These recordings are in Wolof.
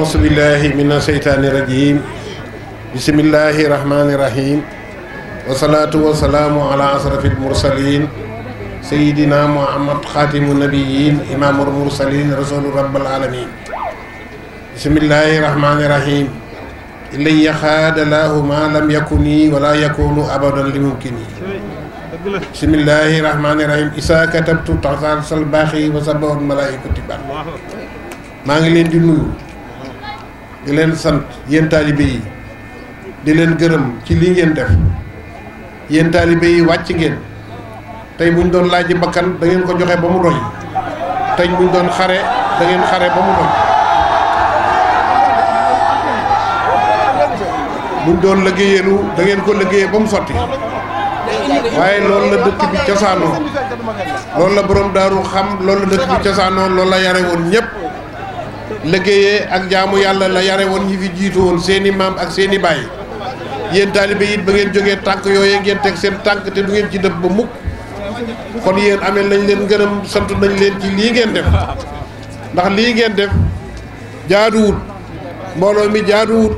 أعوذ بالله من الشيطان الرجيم بسم الله الرحمن الرحيم والصلاة والسلام على أشرف المرسلين سيدنا محمد خاتم النبيين إمام المرسلين رسول رب العالمين بسم الله الرحمن الرحيم إلي يخاد الله ما لم يكني ولا يكون أبدا لممكني بسم الله الرحمن الرحيم إسا كتبت تعصال سلباخي وسبه الملائكة تبع ما نgi len di di leen sant yéen taalibe yi di leen gërëm ci li ngeen def yéen taalibe yi wàcc ngeen tey buñ doon laaji bakkan da ngeen ko joxe ba mu doy tey buñ doon xare da ngeen xare ba mu doy buñ doon liggéeyalu da ngeen ko liggéeyee ba mu sotti waaye loolu la dëkk bi cosaanoo loolu la borom daaru xam loolu la dëkk bi cosaanoo loolu la yare woon ñëpp liggéeyee ak jaamu yàlla la yare woon ñi fi jiitu woon seeni maam ak seeni bàyyi yéen taalibe it ba ngeen jógee tànk yooyee ngeen teg seen tànk te du ngeen ci dëpp ba mukk kon yéen amee nañ leen gërëm sant nañ leen ci lii ngeen def ndax lii ngeen def jaaduwut mbooloo mi jaaduwut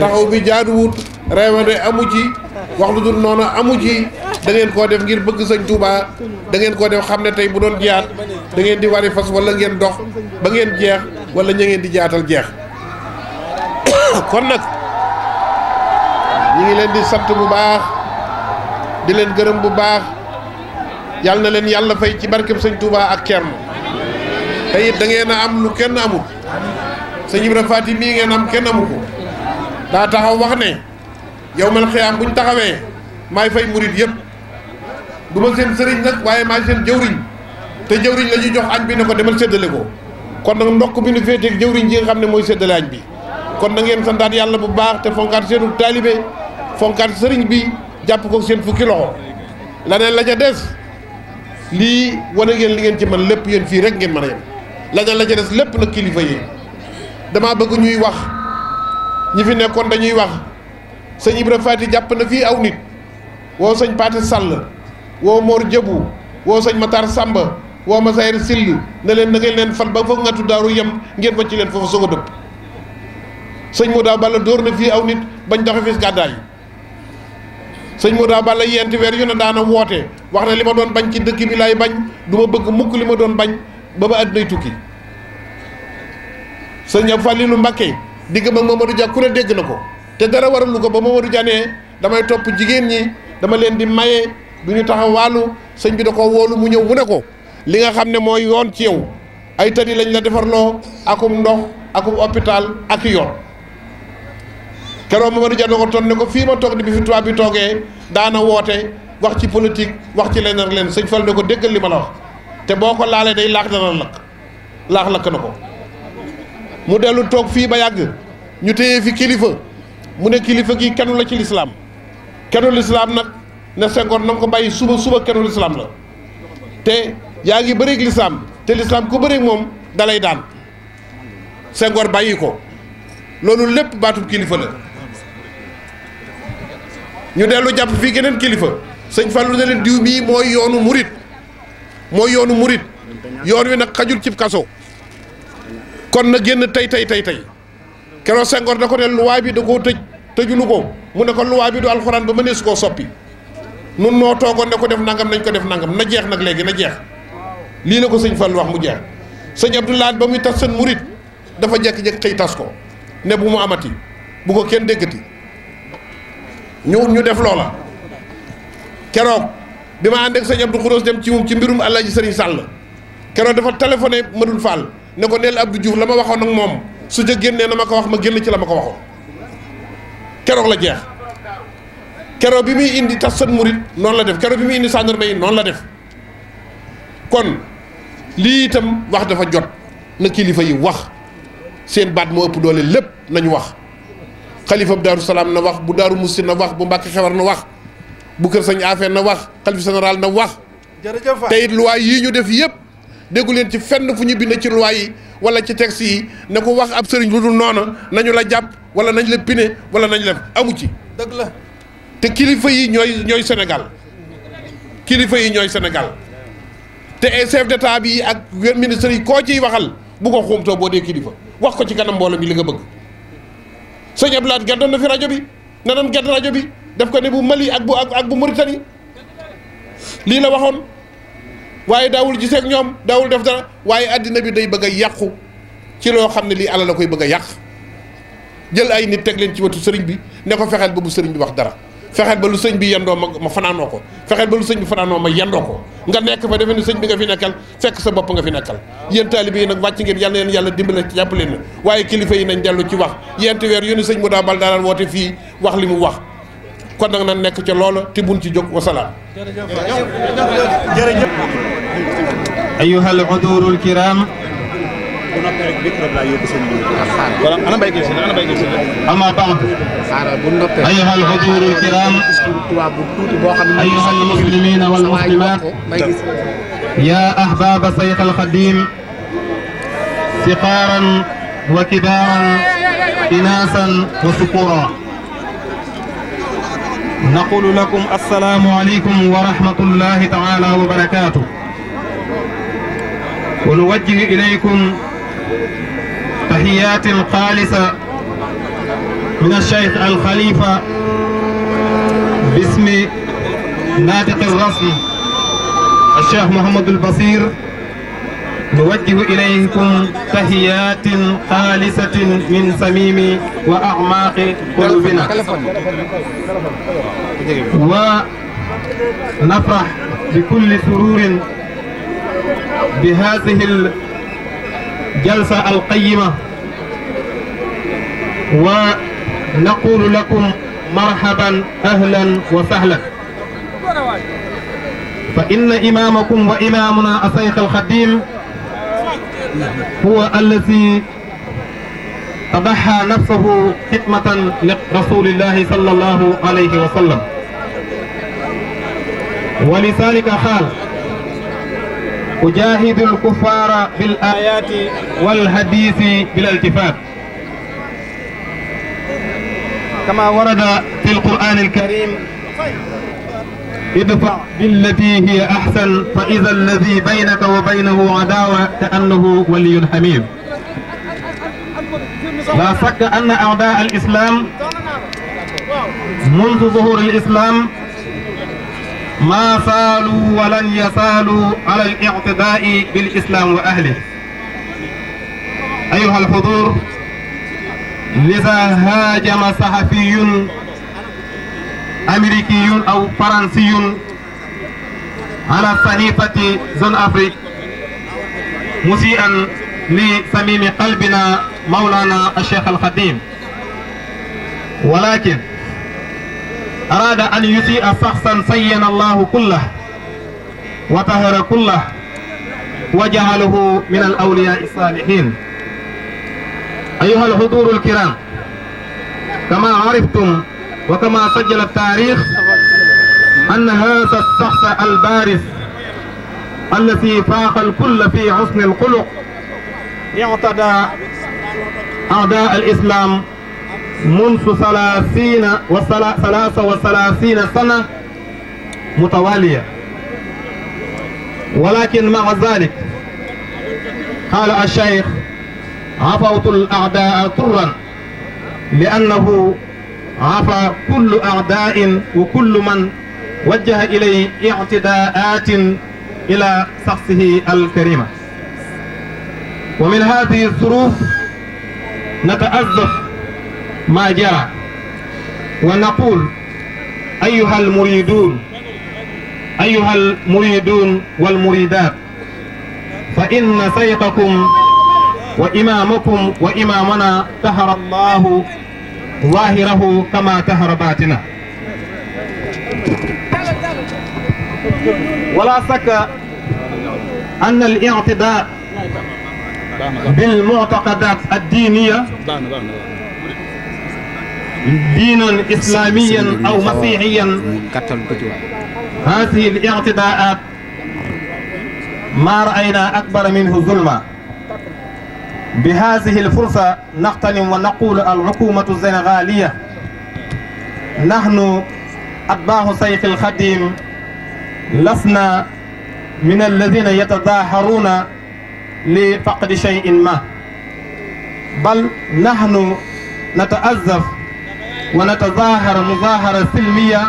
taxaw mi jaaduwut reewande amu ci wax noonu amu ci da ngeen koo def ngir bëgg sëñ Touba da ngeen koo def xam ne tey bu doon jiyaat da ngeen di wari fas wala ngeen dox ba ngeen jeex wala ña ngeen di jaatal jeex kon nag ñu ngi leen di sant bu baax di leen gërëm bu baax yàlla na leen yàlla fay ci barkeb sëñ Touba ak Thierno te da ngeen am lu kenn amul sëñ Ibrahima Faati mii ngeen am kenn amu ko daa taxaw wax ne yow buñ taxawee may fay yépp du ma seen sëriñ nag waaye maa seen jëwriñ te jëwriñ la ñuy jox añ bi ne ko demal séddale ko kon nag ndokk bi nu féeteeg jëwriñ ji nga xam ne mooy séddale añ bi kon na ngeen santaat yàlla bu baax te fonkaat seenu taalibe fonkaat sëriñ bi jàpp ko seen fukki loxo la la ca des lii wane ngeen li ngeen ci man lépp yéen fii rek ngeen mën a yem la ca la ca des lépp nag kilifa yi damaa bëgg ñuy wax ñi fi nekkoon dañuy wax sëñ Ibra Faati jàpp na fii aw nit sëñ Paate Sàll wo Mor jebu wo Matar Samba ma sayr Sillu na len na ngeen leen fal ba fo nga tuddaaru yam ngeen wàcc leen foofu soog a dëpp sëñ Mouda Balla dor na fi aw nit bañ doxe fis gàddaay sëñ Mouda Balla yent wer yu na daana woote wax na lima don bañ ci dëkk bi lay bañ duma bëgg mukk lima don bañ ba ba tukki lu Mbacké digg ba Mamadou ku ne dégg nako ko te dara lu ko ba Mamadou Dia ne damay top jigen ñi dama len di maye du ñu taxaw wàllu sëñ bi da koo wóolu mu ñëw mu ne ko li nga xam ne mooy yoon ci yow ay tëddi lañ la defarloo akum ndox akum hôpital ak yoon keroog Mamadou Dia ko ton ne ko fii ma toog di bi fi tubaab bi toogee daana woote wax ci politique wax ci leneen ak leneen sëñ Fall ne ko déggal li ma la te boo ko laalee day laax na lakk laax lakk na ko mu dellu toog fii ba yàgg ñu téye fi kilifa mu ne kilifa gi kenn la ci lislaam kenn lislaam nag ne Senghor na nga ko bàyyi suba suba kennu lislaam la te yaa ngi bëreeg lislaam te lislaam ku bëreeg moom dalay daan sengoor bàyyi ko loolu lépp baatub kilifa la ñu dellu jàpp fii geneen kilifa sëñ Fallou ne leen diw bii mooy yoonu murit mooy yoonu murit yoon wi nag xajul cib kaso kon na génn tey tey tey tey keroog Senghor da ko ne luwaa bi da koo tëj tëjulu ko mu ne ko luwaa bi du alxuraan ba mënee koo soppi nun no togo ne ko def nangam nañ ko def nangam na jeex nak legi na jeex li la ko sëñ Fall wax mu jeex seigne abdullah ba muy tas seen murit dafa jek jek xey tass ko ne bu mu amati bu ko ken déggati ñu ñu def lola keroog bima ande ànd ak sëñ Abdou Khouros dem ci mum ci mbirum Alaaji seigne sall keroog dafa téléphoné Madoune Fall ne ko nel Abdou Diouf lama ma ak su je génnee na ko wax ma génn ci lama ko waxoon keroog la jeex kero bi muy indi tasat murit noonu la def kero bi muy indi sàndarma yi noonu la def kon lii itam wax dafa jot na kilifa yi wax seen baat moo ëpp doole lépp nañu wax bu daaru salaam na wax bu daaru musti na wax bu mbàkk xewar na wax bu kër sañ affaire na wax xalif général na wax jërëjëf te yii ñu def yëpp déggu leen ci fenn fu ñu bind ci loi yi wala ci texte yi ne ko wax ab sëriñ lu dul noona nañu la jàpp wala nañ la pine wala nañ la amu ci dëgg la te kilifa yi ñooy ñooy Sénégal kilifa yi ñooy senegal te ay chef d'état bi ak ministre yi koo ciy waxal bu ko xuumtoo boo dee kilifa wax ko ci kanam mbooloo mi li nga bëgg sëñ Abdoulaye fi rajo bi nanan gàdd rajo bi def ko ne bu Mali ak bu ak bu Mauritanie lii la waxoon waaye daawul gisee ak ñoom daawul def dara waaye àddina bi day bëgg a yàqu ci loo xam ne lii alal la koy bëgg yàq jël ay nit teg leen ci wetu sëriñ bi ne ko fexeel ba bu sëriñ bi wax dara. fexeel ba lu sëñ bi yendoo ma ma fanaanoo ko fexeel ba lu sëñ bi fanaanoo ma yendoo ko nga nekk fa defe ne sëñ bi nga fi nekkal fekk sa bopp nga fi nekkal yéen taalibe yi nag wàcc ngeen yàlla leen yàlla dimbale jàpp leen na waaye kilifa yi nañ dellu ci wax yenti weer yu ne sëñ mu daa bal daan woote fii wax li mu wax kon nag na nekk ca loola te buñ ci jóg wasalaam jërëjëf ayyuhal udurul kiram أيها الحضور الكرام أيها المسلمين والمسلمات يا أحباب سيد القديم سقارا وكبارا إناسا وسقورا نقول لكم السلام عليكم ورحمة الله تعالى وبركاته ونوجه إليكم تحيات خالصة من الشيخ الخليفة باسم ناطق الرسمي الشيخ محمد البصير نوجه إليكم تحيات خالصة من صميم وأعماق قلوبنا ونفرح بكل سرور بهذه جلسة القيمة ونقول لكم مرحبا أهلا وسهلا فإن إمامكم وإمامنا الشيخ الخديم هو الذي تضحى نفسه خدمة لرسول الله صلى الله عليه وسلم ولذلك قال أجاهد الكفار بالآيات والحديث بالالتفات كما ورد في القرآن الكريم ادفع بالتي هي أحسن فإذا الذي بينك وبينه عداوة كأنه ولي حميم لا شك أن أعداء الإسلام منذ ظهور الإسلام ما صالوا ولن يصالوا على الاعتداء بالإسلام وأهله أيها الحضور لذا هاجم صحفي أمريكي أو فرنسي على صحيفة زون أفريك مسيئا لصميم قلبنا مولانا الشيخ الخديم ولكن أراد أن يسيء شخصا سين الله كله وطهر كله وجعله من الأولياء الصالحين أيها الحضور الكرام كما عرفتم وكما سجل التاريخ أن هذا الشخص البارز الذي فاق الكل في حسن الخلق اعتدى أعداء الإسلام منذ ثلاثين وثلاثة وثلاثين سنة متوالية ولكن مع ذلك قال الشيخ عفوت الأعداء طرا لأنه عفى كل أعداء وكل من وجه إليه اعتداءات إلى شخصه الكريمة ومن هذه الظروف نتأذف ما جرى ونقول أيها المريدون أيها المريدون والمريدات فإن سيقكم وإمامكم وإمامنا تهر الله ظاهره كما تهر باتنا ولا شك أن الاعتداء بالمعتقدات الدينية دينا إسلاميا أو مسيحيا هذه الاعتداءات ما رأينا أكبر منه ظلما بهذه الفرصة نغتنم ونقول الحكومة السنغالية نحن أتباع سيف الخديم لسنا من الذين يتظاهرون لفقد شيء ما بل نحن نتأزف ونتظاهر مظاهرة سلمية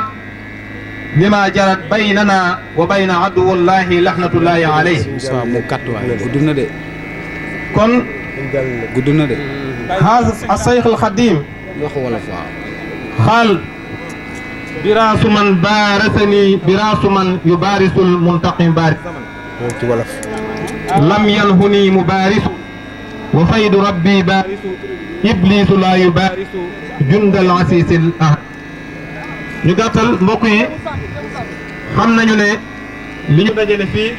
لما جرت بيننا وبين عدو الله لحنة الله عليه كن هذا الشيخ الخديم قال براس من بارسني براس من يبارس المنتقم بارس لم ينهني مبارس وفيد ربي بارس إبليس لا يبارس jundal asiisil ahad ñu gàttal mbokk yi xam nañu ne li ñu ne fii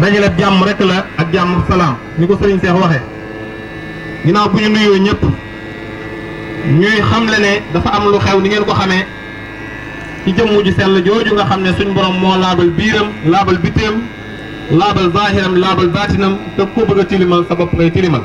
dajale jàmm rek la ak jàmm salaam ñu ko sëriñ Seex waxe ginnaaw bu ñu nuyoo ñëpp ñuy xamle ne dafa am lu xew ni ngeen ko xamee ci jëmm ju sell jooju nga xam ne suñ borom moo laabal biiram laabal bitéem laabal zaahiram laabal baatinam te ko bëgg a tilimal sa bopp ngay tilimal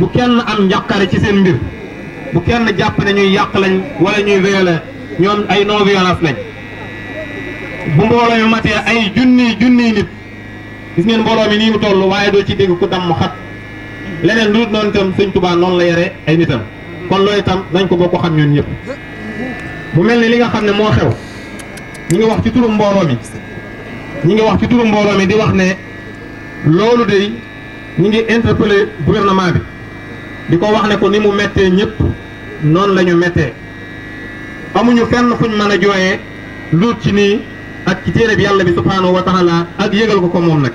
bu kenn am njàqare ci seen mbir bu kenn jàpp ne ñuy yàq lañ wala ñuy violé ñoom ay non violence lañ bu mbooloo mi matee ay junniy junniy nit gis ngeen mbooloo mi nii mu toll waaye doo ci dégg ku damm xat leneen lu dul noonu itam sëñ Tuubaa noonu la yare ay nitam kon loolu itam nañ ko ko xam ñun ñëpp mu mel ni li nga xam ne moo xew ñi ngi wax ci turu mbooloo mi ñi ngi wax ci turu mbooloo mi di wax ne loolu de ñi ngi interpeller gouvernement bi di ko wax ne ko ni mu méttee ñëpp noonu la ñu amuñu fenn fuñ mën a jooyee luut ci nii ak ci téere bi yàlla bi subhaanahu wa ak yëgal ko ko moom nag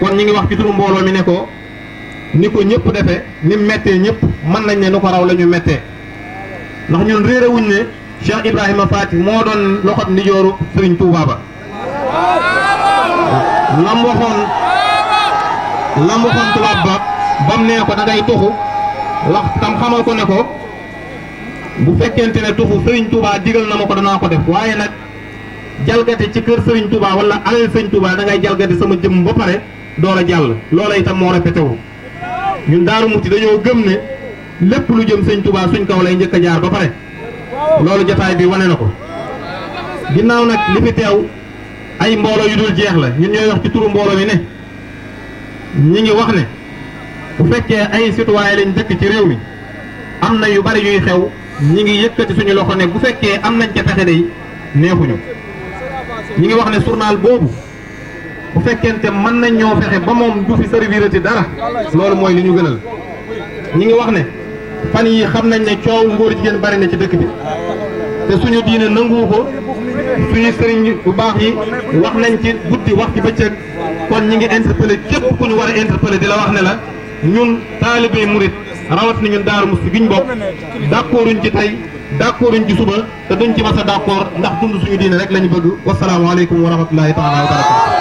kon ñi ngi wax ci mbooloo mi ne ko ni ko ñëpp defee ni méttee ñëpp mën nañ ne nu ko raw lañu ñu méttee ndax ñun réere wuñ ne Cheikh Ibrahima Fati moo doon loxot nijooru Serigne Touba ba lam waxoon tubaab ba bam nee ko da ngay tuxu wax tam xamal ko ne ko bu fekkente ne tuxu Serigne Touba digal na ma ko danaa ko def waaye nag jalgati ci kër Serigne Touba wala alal Serigne Touba da ngay jalgati sama jëm ba pare door a jàll loola itam moo répété wu. ñun Daaru Muxti dañoo gëm ne lépp lu jëm sëñ Touba suñ kaw lay njëkk a jaar ba pare loolu jotaay bi wane na ko ginnaaw nag li teew ay mbooloo yu dul jeex la ñun ñooy wax ci turu mbooloo mi ne ñu ngi wax ne. bu fekkee ay citoyen lañ dëkk ci réew mi am na yu bari yuy xew ñi ngi yëkkati suñu loxo ne bu fekkee am nañ ca pexe day neexuñu ñi ngi wax ne journal boobu bu fekkente mën nañ ñoo fexe ba moom du fi servirati dara loolu mooy li ñu gënal ñi ngi wax ne fan yi xam nañ ne coow ngóor jigéen bari na ci dëkk bi te suñu diine nanguwu ko suñu sëriñ bu baax yi wax nañ ci guddi wax ci bëccëg kon ñi ngi interpellé képp ku ñu war a interpellé di la wax ne la ñun taalibe murit rawat na ñun Daaru Muxti gi ñu bokk d'accorduñ ci tey d'accorduñ ci suba te duñ ci mas a d'accord ndax dund suñu diine rek la ñu bëgg wasalaamualeykum wa rahmatullahi taala wa barakatu